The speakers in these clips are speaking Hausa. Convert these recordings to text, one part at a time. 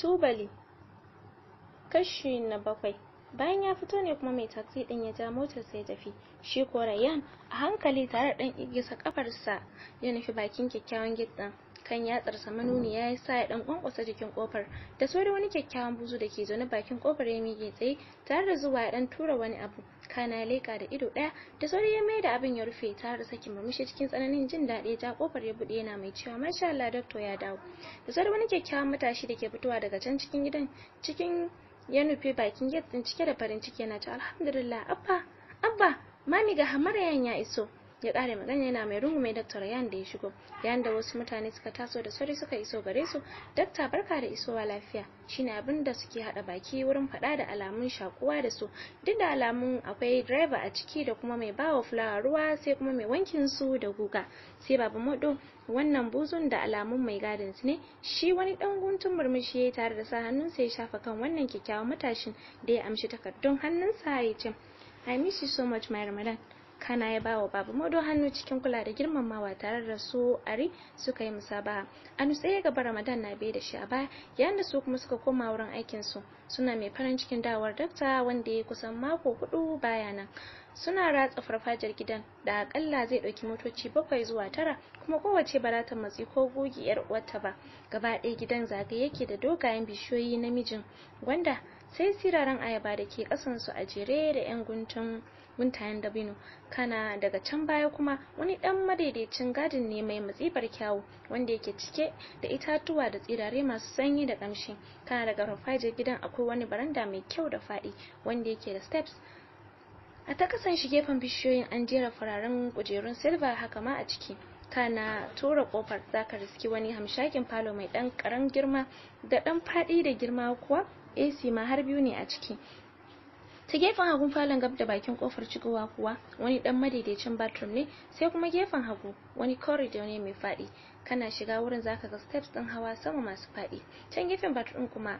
tubali kashi na bakwai bayan ya fito ne kuma mai taksi din ya ja motar sai tafi shi ko Rayyan a hankali tare da dan igisa kafarsa ya nufi bakin kyakkyawan gate ɗin kan yatsarsa manuni ya sa ya dan kwankwasa jikin kofar da da wani kyakkyawan buzu da ke zaune bakin kofar ya mige tsaye tare da zuwa ya dan tura wani abu kana leka da ido daya da da ya mai da abin ya rufe tare da sakin murmushi cikin tsananin jin daɗi ta kofar ya bude yana mai cewa masha Allah doctor ya dawo da da wani kyakkyawan matashi da ke fitowa daga can cikin gidan cikin ya nufi bakin gate din cike da farin ciki yana ta alhamdulillah abba abba mami ga hamarayan ya iso ya kare magana yana mai rungume daktar yan da ya shigo yayin da wasu mutane suka taso da sauri suka iso gare su dakta barka da isowa lafiya shine abin da suke hada baki wurin fada da alamun shakuwa da su duk da alamun akwai driver a ciki da kuma mai bawa fulawa ruwa sai kuma mai wankin su da guga sai babu modo wannan buzun da alamun mai gadin ne shi wani dan guntun murmushi yayi tare da sa hannunsa ya shafa kan wannan kyakkyawan matashin da ya amshi takardun hannunsa ya ce I miss you so much my Ramadan kana ya bawa babu modo hannu cikin kula da girmamawa tare da su ari suka yi musabaha a nutse ya gaba ramadan na bai da shi a baya yayin da su kuma suka koma wurin aikinsu suna mai farin cikin dawowar dakta wanda ya kusan mako hudu baya nan suna ratsa farfajiyar gidan da akalla zai dauki motoci bakwai zuwa tara kuma kowace ba matsi ko gogi yar uwarta ba gaba ɗaya gidan zagaye yake da dogayen bishiyoyi namijin gwanda sai siraran ayaba da ke kasan su a jere da yan guntun guntayen dabino kana daga can baya kuma wani dan madaidaicin gadin ne mai matsibar kyawu wanda yake cike da itatuwa da tsirare masu sanyi da kamshi kana daga farfajiyar gidan akwai wani baranda mai kyau da faɗi wanda yake da steps a ta kasan shi gefen bishiyoyin an jera fararen kujerun silva haka ma a ciki kana tura kofar zaka riski wani hamshakin falo mai dan karan girma da dan fadi da girma kuwa AC ma har biyu ne a ciki ta gefen hagun falon gab da bakin kofar cigowa kuwa wani dan madaidaicin bathroom ne sai kuma gefen hagu wani corridor ne mai fadi kana shiga wurin zaka ga steps din hawa sama masu fadi can gefen bathroom kuma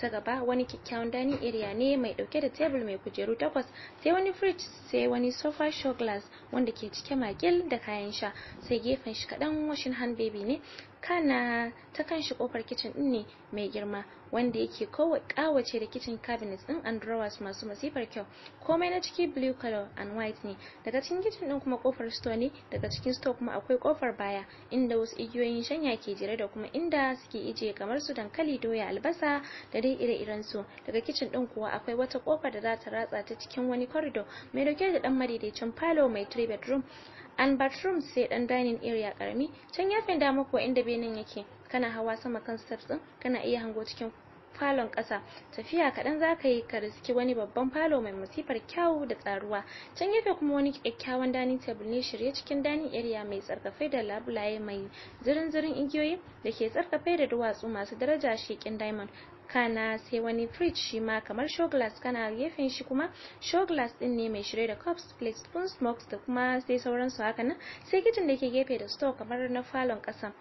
ta gaba wani kyakkyawan dining area ne mai dauke da tebul mai kujeru takwas sai wani fridge sai wani sofa show glass wanda ke cike makil da kayan sha sai gefen shi kadan washing hand baby ne kana ta kan shi kofar kitchen din ne mai girma wanda yake kawai kawace da kitchen cabinets din and drawers masu masifar kyau komai na ciki blue color and white ne daga cikin kitchen din kuma kofar store ne daga cikin store kuma akwai kofar baya inda wasu igiyoyin shanya ke jere da kuma inda suke ije kamar su dankali doya albasa da dai ire-iren su daga kitchen din kuwa akwai wata kofar da za ta ratsa ta cikin wani corridor mai dauke da dan madaidaicin palo mai three bedroom and bathroom sai dan dining area karami can yafen dama kuwa inda benin yake kana hawa sama kan steps din kana iya hango cikin falon ƙasa tafiya kaɗan zaka yi ka riski wani babban falo mai musifar kyawu da tsaruwa can yafe kuma wani kyakkyawan dining table ne shirye cikin dining area mai tsarkafai da labulaye mai zirin zirin igiyoyi da ke tsarkafai da duwatsu masu daraja shekin diamond kana sai wani fridge shi ma kamar show glass kana gefen shi kuma show glass din ne mai shirye da cups plates spoons smokes da kuma sai sauransu haka nan sai kitchen da ke gefe da store kamar na falon kasa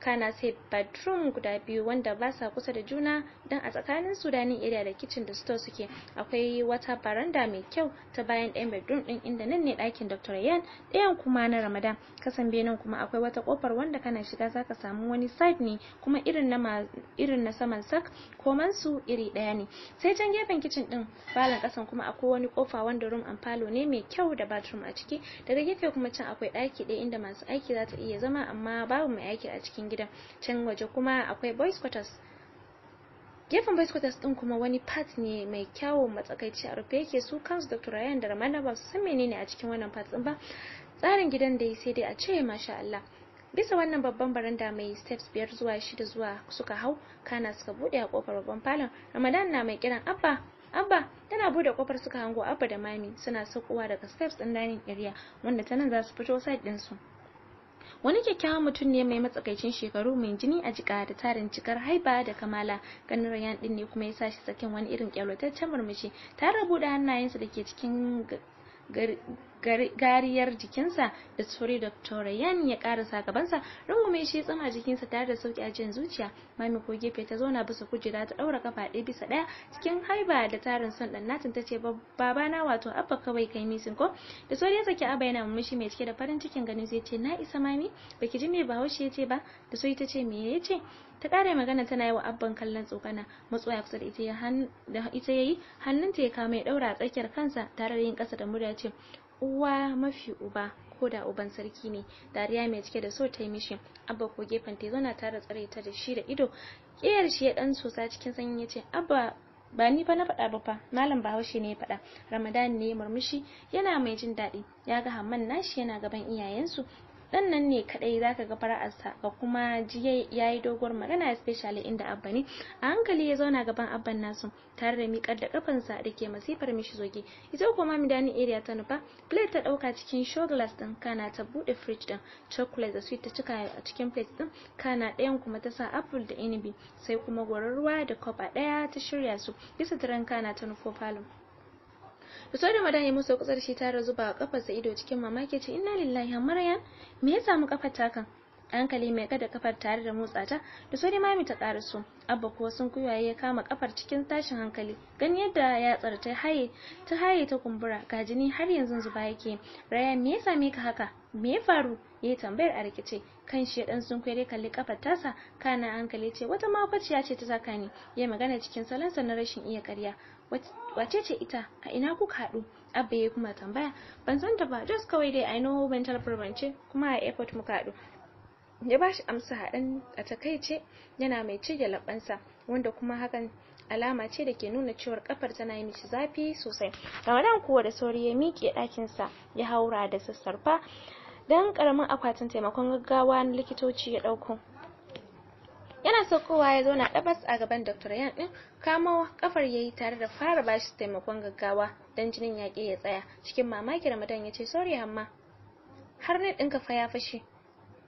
kana sai bedroom guda biyu wanda ba sa kusa da juna don a tsakanin su dining area da kitchen da store suke akwai wata baranda mai kyau ta bayan ɗayan bedroom ɗin inda nan ne ɗakin Dr. Yan ɗayan kuma na Ramadan kasan nan kuma akwai wata kofar wanda kana shiga zaka samu wani side ne kuma irin na irin na saman sak koman su iri ɗaya ne sai can gefen kitchen ɗin falon kasan kuma akwai wani kofa wanda room and palo ne mai kyau da bathroom a ciki daga gefe kuma can akwai ɗaki ɗaya inda masu aiki za ta iya zama amma babu mai aiki a cikin cikin can waje kuma akwai boys quarters gefen boys quarters din kuma wani part ne mai kyawun matsakaici a rufe yake su kansu dr ryan da ramana ba su san menene a cikin wannan part din ba tsarin gidan da ya sai dai a ce masha Allah bisa wannan babban baranda mai steps biyar zuwa shida zuwa suka hau kana suka bude a kofar babban falon ramadan na mai kiran abba abba tana bude kofar suka hango abba da mami suna saukowa daga steps din dining area wanda ta nan za su fito side din su wani kyakkyawan mutum ne mai matsakaicin shekaru mai jini a jika da tarin cikar haiba da kamala ganin rayan din ne kuma ya sa shi sakin wani irin kyalwataccen murmushi tare da buɗe hannayensa da ke cikin gariyar jikinsa da tsori Dr. Ryan ya karasa gabansa rungume shi tsama jikinsa tare da sauki a jin zuciya mami ko gefe ta zauna bisa kujera ta daura kafa ɗaya bisa ɗaya cikin haiba da tarin son dan natin ce baba na wato abba kawai kai misin ko da tsori ya saki abba yana mummushi mai cike da farin cikin ganin zai ce na isa mami baki ji me bahaushe ya ce ba da tsori ta ce me ya ce ta kare magana tana yi wa abban kallon tsokana matsoya kusa da ita ya yi hannun yayi hannunta ya kama ya daura a tsakiyar kansa tare da yin kasa da murya ce uwa mafi uba ko da uban sarki ne dariya mai cike da so ta yi mishi abba ko gefen ta zauna tare tsare ta da shi da ido kiyar shi ya dan sosa cikin sanyi ya ce abba ba ni fa na faɗa ba fa malam bahaushe ne ya faɗa ramadan ne murmushi yana mai jin daɗi ya ga hamman nashi yana gaban iyayensu dan nan ne kadai zaka ga fara'arsa ga kuma ji yayi doguwar magana especially inda abba ne a hankali ya zauna gaban abban nasu tare da miƙar da kafansa da ke masifar mishi zoge ita kuma mami area ta nufa plate ta dauka cikin show glass din kana ta bude fridge din chocolate da sweet ta cika a cikin plate din kana ɗayan kuma ta sa apple da inibi sai kuma gorar da cup a ɗaya ta shirya su bisa tiran kana ta nufo falon Fito da madan ya musu kusa da shi tare zuba kafarsa ido cikin mamaki ce inna lillahi hamarayan me ya samu kafar takan hankali mai kada kafar tare da motsa ta da sauri mami ta ƙara su. abba kuwa sun kuyaye ya kama kafar cikin tashin hankali gani yadda yatsar ta haye ta haye ta kumbura ga jini har yanzu zuba yake raya me ya same ka haka me ya faru ya tambayar a rikice kan shi dan sun ya kalli kafar tasa kana hankali ce wata mafaciya ce ta saka ni ya magana cikin salansa na rashin iya karya. wace ce ita a ina kuka haɗu abba ya kuma tambaya ban san ta ba just kawai dai i know mental problem ce kuma a airport mu haɗu ya ba shi amsa haɗin a takaice yana mai cige labansa wanda kuma hakan alama ce da ke nuna cewar kafar tana yi mishi zafi sosai ramadan kuwa da sauri ya miƙe ɗakinsa ya haura da sassarfa don ƙaramin akwatin taimakon gaggawa na likitoci ya ɗauko yana saukowa ya zauna ɗabas a gaban dr yan ɗin kamo kafar ya yi tare da fara ba shi taimakon gaggawa don jinin yaƙi ya tsaya cikin mamaki ramadan ya ce sauri amma har ne ɗinka fa ya fashe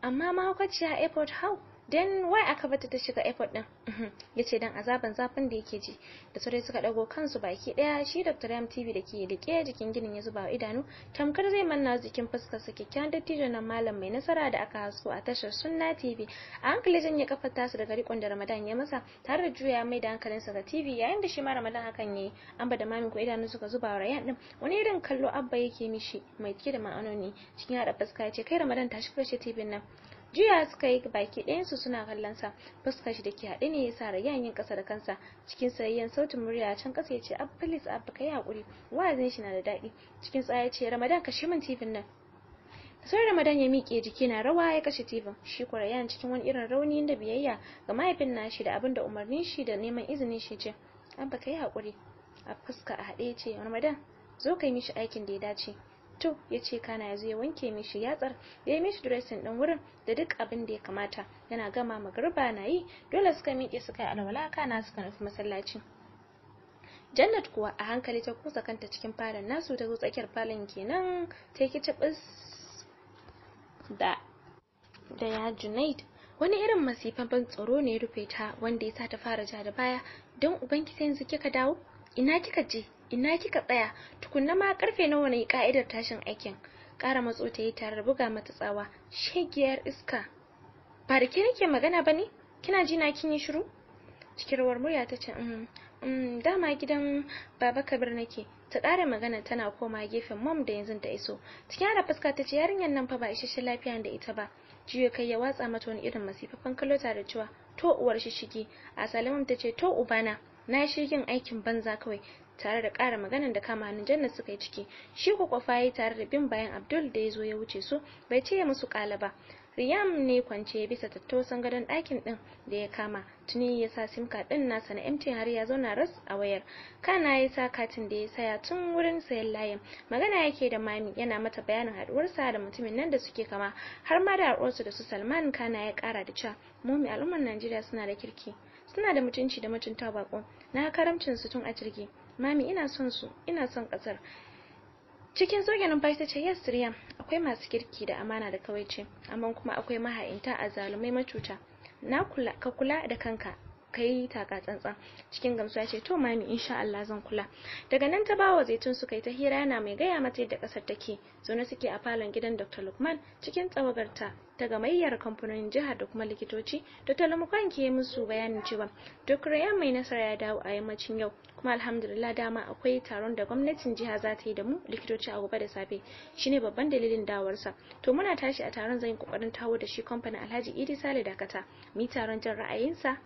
amma mahaukaciya airport how dan wai aka bata ta shiga effort din yace dan azaban zafin da yake ji da sarai suka dago kansu baki daya shi Dr. Yam TV da ke rike jikin ginin ya zuba idanu tamkar zai manna jikin fuskar sa kikkian dattijo na malam mai nasara da aka hasko a tashar Sunna TV a hankali ya kafar tasu daga rikon da Ramadan ya masa tare da juya mai da sa ga TV yayin da shi ma Ramadan hakan yayi An da Mami ko idanu suka zuba wa Rayyan din wani irin kallo Abba yake mishi mai cike da ma'anoni cikin hada fuska ya ce kai Ramadan tashi shi TV nan jiya suka yi baki ɗayansu suna kallon sa fuskar shi dake haɗe ne yasa rayan yin ƙasa da kansa cikin sayayyen sautin murya can ƙasa yace ab please ab kai hakuri wa'azin shi na da daɗi cikin tsaya ce ramadan kashe min tifin nan sai ramadan ya miƙe jiki na rawa ya kashe tifin shi rayan cikin wani irin rauni da biyayya ga mahaifin nashi da abin da umarnin shi da neman izinin shi ce abba kai hakuri a fuska a haɗe yace ramadan zo kai mishi aikin da ya dace to ya ce kana ya zo ya wanke mishi yatsar ya yi mishi dressing din wurin da duk abin da ya kamata yana gama magarba na yi dole suka miƙe suka yi alwala kana suka nufi masallaci Jannat kuwa a hankali ta kusa kanta cikin falon nasu ta zo tsakiyar falon kenan ta yi da da ya Junaid wani irin masifan tsoro ne ya rufe ta wanda ya sa ta fara ja da baya don ubanki sai yanzu kika dawo ina kika je ina kika tsaya tukunna ma karfe nawa ne ka'idar tashin aikin ƙara matso ta yi tare buga mata tsawa shegiyar iska ba da ke nake magana ba ne kina ji na kin yi shiru cikin rawar murya ta ce mm, mm, dama gidan baba kabir nake ta ƙara magana tana koma gefen mom da yanzu ta iso cikin da fuska ta ce yarinyar nan fa ba isasshen lafiya da ita ba jiyo kai ya watsa mata wani irin masifafan kalota da cewa to uwar shige a salimam ta ce to ubana na shirgin aikin banza kawai tare da ƙara maganan da kama hannun janna suka yi ciki shi ko kwafaye tare da bin bayan abdul da ya zo ya wuce su bai ce musu ƙala ba riyam ne kwance bisa tattausan gadon ɗakin ɗin da ya kama tuni ya sa sim card ɗin nasa na MTN har ya zauna ras a wayar kana ya sa katin da ya saya tun wurin sayan layin magana yake da mami yana mata bayanin haɗuwarsa da mutumin nan da suke kama har ma da haɗuwarsu da su Salman kana ya ƙara da cewa mumi al'ummar Najeriya suna da kirki suna da mutunci da mutunta bako na karamcin su tun a jirgi mami ina son su ina son ƙasar cikin soke numfashi ta ce yes Riyam akwai masu kirki da amana da kawaici amma kuma akwai maha'inta a zalumai macuta na kula ka kula da kanka kai taka tsantsan cikin gamsuwa ce to mami insha Allah zan kula daga nan ta bawa zaitun su kai ta hira yana mai gaya mata yadda kasar take zaune suke a falon gidan Dr. Lukman cikin tsawagarta ta gamayyar kamfanonin jihar da kuma likitoci Dr. Lukman ke musu bayanin cewa duk rayan mai nasara ya dawo a yammacin yau kuma alhamdulillah dama akwai taron da gwamnatin jiha za ta yi da mu likitoci a gobe da safe shine babban dalilin dawarsa to muna tashi a taron zan yi kokarin tawo da shi kamfanin Alhaji Idi Sale Dakata muyi taron jin ra'ayinsa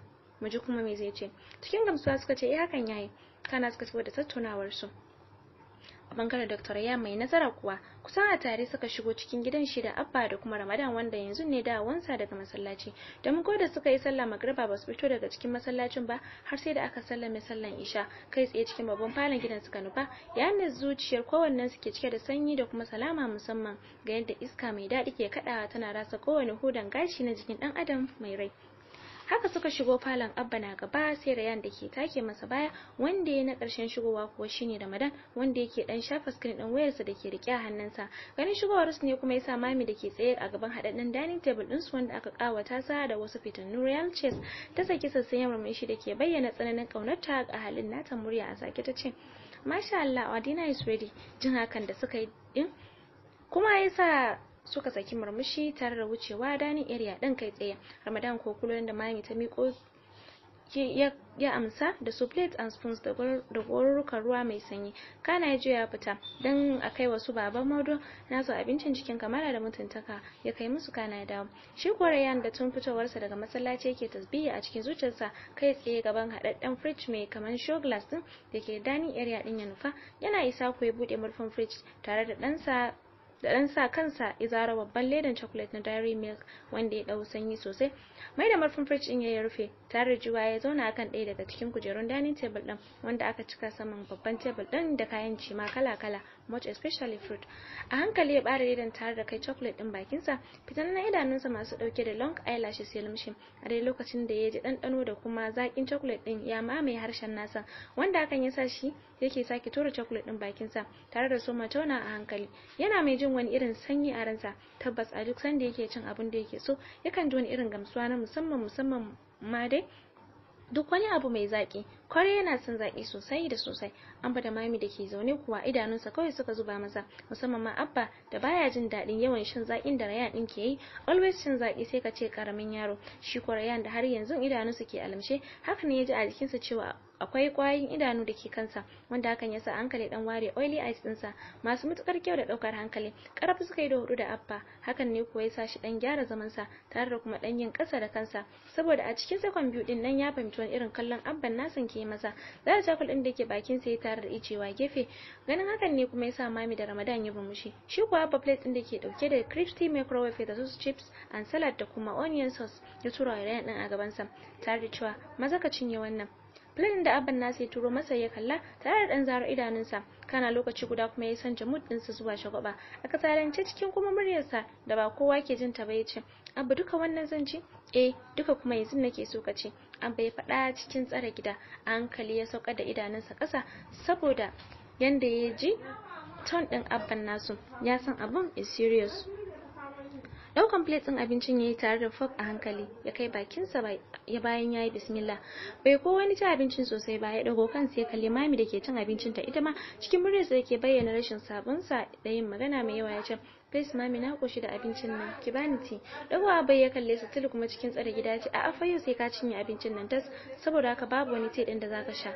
muji kuma me zai ce cikin gamsuwa suka ce eh hakan yayi kana suka da tattaunawar su bangaren doktor Ya mai nazara kuwa kusan a tare suka shigo cikin gidan shi da Abba da kuma Ramadan wanda yanzu ne da wansa daga masallaci. Da mun da suka yi sallah magriba ba su fito daga cikin masallacin ba har sai da aka sallame sallan Isha kai tsaye cikin babban falon gidan suka nufa. ya zuciyar kowannen suke cike da sanyi da kuma salama musamman ga yadda iska mai daɗi ke kaɗawa tana rasa kowane hudan gashi na jikin ɗan adam mai rai. haka suka shigo falon abba na gaba sai rayan da ke take masa baya wanda ya na karshen shigowa kuwa shine ramadan wanda yake dan shafa screen din wayarsa da ke rike a hannunsa ganin shigowar su ne kuma yasa mami da ke tsaye a gaban hadaddan dining table din su wanda aka kawata sa da wasu fitannu royal chess ta saki mai shi da ke bayyana tsananin ta a halin nata murya a sake ta ce masha Allah Adina is ready jin hakan da suka yi din kuma yasa suka saki murmushi tare da wucewa dani area ɗin kai tsaye ramadan ko da mami ta miko ya amsa da su plate and spoons da gorurukan ruwa mai sanyi kana ya juya fita don a kai wasu baban na nasu abincin cikin kamala da mutuntaka ya kai musu kana ya dawo shi korayan da tun fitowarsa daga masallaci yake tasbiya a cikin zuciyarsa kai tsaye gaban haɗaɗɗen fridge mai kaman show glass din da ke dani area din ya nufa yana isa ku ya buɗe murfin fridge tare da ɗansa da ɗan sa kansa ya zara babban ledan chocolate na dairy milk wanda ya dau sanyi sosai mai da marfin fridge ɗin ya rufe tare jiwa ya zauna akan ɗaya daga cikin kujerun dining table ɗin wanda aka cika saman babban table ɗin da kayan cima kala-kala much especially fruit a hankali ya ɓare ledan tare da kai chocolate ɗin bakinsa na idanunsa masu ɗauke da long eyelashes ya lumshe a dai lokacin da ya ji ɗanɗano da kuma zaƙin chocolate ɗin ya mamaye harshen nasa wanda hakan ya sa shi yake sake tura chocolate ɗin bakinsa tare da soma tauna a hankali yana mai jin wani irin sanyi a ransa tabbas a duk sanda yake cin abin da yake so yakan ji wani irin gamsuwa na musamman musamman ma dai duk wani abu mai zaki kwarai yana son zaki sosai da sosai an da mami da ke zaune kuwa idanunsa kawai suka zuba masa musamman ma abba da baya jin daɗin yawan shan zaƙin da rayan ɗin ke yi always shan zaƙi sai ka ce ƙaramin yaro shi ko rayan da har yanzu idanunsa ke alamshe haka ne ya ji a jikinsa cewa akwai kwayoyin idanu da ke kansa wanda hakan yasa hankali dan ware oily eyes ɗinsa masu matukar kyau da ɗaukar hankali karafi suka yi da hudu da abba hakan ne kuwa sa shi ɗan gyara zaman sa tare da kuma ɗan yin kasa da kansa saboda a cikin sakon biyu din nan ya fahimci wani irin kallon abban nasan yanke masa maza a chapel din da ke bakin sa ya tare da icewa gefe ganin hakan ne kuma yasa mami da ramadan ya bumushi shi kuwa abba plate din da ke ɗauke da crispy microwave da sauce chips and salad da kuma onion sauce ya tura wa yaran din a gaban sa tare da cewa maza ka cinye wannan Filin da abban nasa ya turo masa ya kalla tare da dan zaro idanunsa kana lokaci guda kuma ya sanja mood ɗinsa zuwa shagwaba a kasalance cikin kuma muryarsa da ba kowa ke jin ta ba ya ce abu duka wannan zan ci eh duka kuma yanzu nake so ka ce an bai faɗa cikin tsare gida a hankali ya sauka da idanunsa ƙasa saboda yanda ya ji ton ɗin abban nasu ya san abun is serious ɗaukan plate din abincin yi tare da fork a hankali ya kai bakinsa ya bayan ya yi bismillah bai ko wani ci abincin sosai ba ya kan kansa ya kalli mami ke cin abincin ta ita ma cikin murya sa yake bayyana rashin sabon da yin magana mai yawa ya ce please mami na koshi da abincin nan ki bani ti dagowa bai ya kalle su tulu kuma cikin tsare gida ce a afa yau sai ka cinye abincin nan tas saboda haka babu wani ti din da zaka sha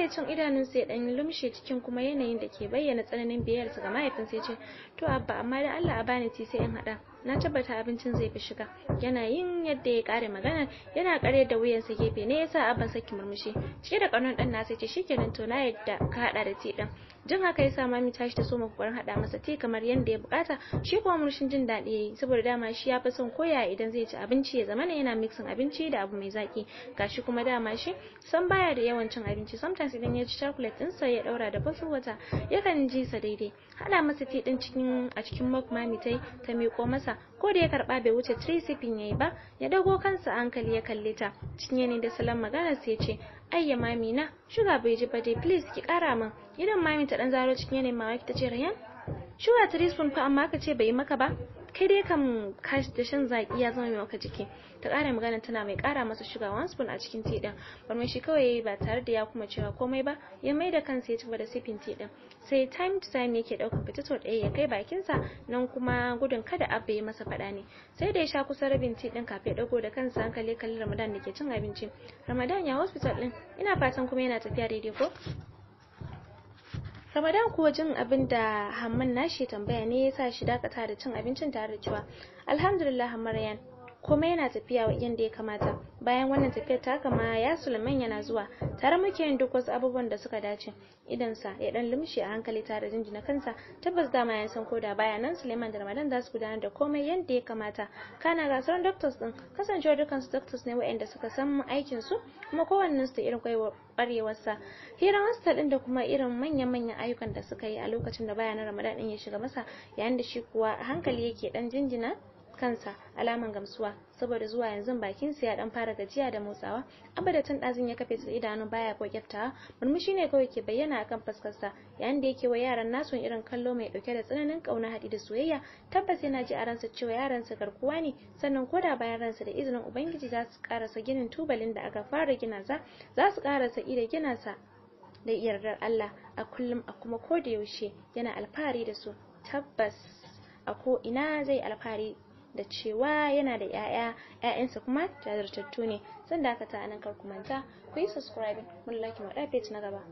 ya cin idanun sai dan lumshe cikin kuma yanayin da ke bayyana tsananin biyayyarsa ga mahaifinsa ya ce to abba amma da Allah a bani ti sai in hada na tabbata abincin zai fi shiga yana yin yadda ya kare magana yana kare da wuyansa gefe ne yasa abban saki murmushi cike da kanon dan nasa ce shikenan to na yadda ka hada da ti din jin haka yasa mami shi ta soma kokarin hada masa ti kamar yadda ya bukata shi kuma murmushin jin daɗi yayi saboda dama shi ya fi son koya idan zai ci abinci ya zamana yana mixin abinci da abu mai zaki gashi kuma dama shi san baya da yawan cin abinci sometimes idan ya ci chocolate sai ya daura da bottle wata yakan ji sa daidai hada masa ti din cikin a cikin mug mami tai ta miƙo masa kansa ko da ya karba bai wuce trisipin yayi ba ya dago kansa hankali ya kalle ta cikin yanayin da salon magana sai ce ayya mami na shuga bai ji ba dai please ki kara min idan mami ta dan zaro cikin yanayin mamaki ta ce rayan shuga trisipin fa amma ka ce bai yi maka ba kai dai kam kashi da shan zaki ya zama mai maka jiki ta ƙara magana tana mai kara masa shuga one spoon a cikin tea din shi kawai yayi ba tare da ya kuma cewa komai ba ya mai da kansa ya ci da sipin tea din sai time to time yake fita fitato daya ya kai bakin sa nan kuma gudun kada abba ya masa faɗa ne sai da ya sha kusa rabin tea din kafin ya dago da kansa hankali kallon ramadan da ke cin abinci ramadan ya hospital din ina fatan kuma yana tafiya daidai ko Ramadan kuwa jin abin da Hamman nashi tambaya ne ya sa shi dakata da cin abincin tare da cewa Alhamdulillah Maryan kuma yana tafiya yanda ya kamata bayan wannan tafiyar ta kama ya Sulaiman yana zuwa tare muke yin duk wasu abubuwan da suka dace idan sa ya dan lumshi a hankali tare jinjina kansa tabbas dama ya san koda baya nan Sulaiman da Ramadan za su gudanar da komai yanda ya kamata kana ga sauran doctors din kasancewa dukkan su doctors ne waɗanda suka san aikin su kuma kowannen su da irin kwarewar sa hira master din da kuma irin manyan-manyan ayyukan da suka yi a lokacin da baya nan Ramadan din ya shiga masa yayin da shi kuwa hankali yake dan jinjina kansa alaman gamsuwa saboda zuwa yanzu bakin sa ya dan fara gajiya da motsawa abada tun dazin ya kafe su idanu baya ko kyaftawa murmushi ne kawai ke bayyana akan fuskar sa yayin da yake wa yaran nasu irin kallo mai dauke da tsananin kauna hadi da soyayya tabbas yana ji a ransa cewa yaran sa garkuwa ne sannan koda bayan ransa da izinin ubangiji za su karasa ginin tubalin da aka fara gina za za su karasa ida gina sa da yardar Allah a kullum a kuma koda yana alfahari da su tabbas a ko ina zai alfahari da cewa yana da 'ya'ya 'ya'yansa kuma jajirtattu ne zan dakata a nan kar ku manta ku yi subscribe mun like mu na gaba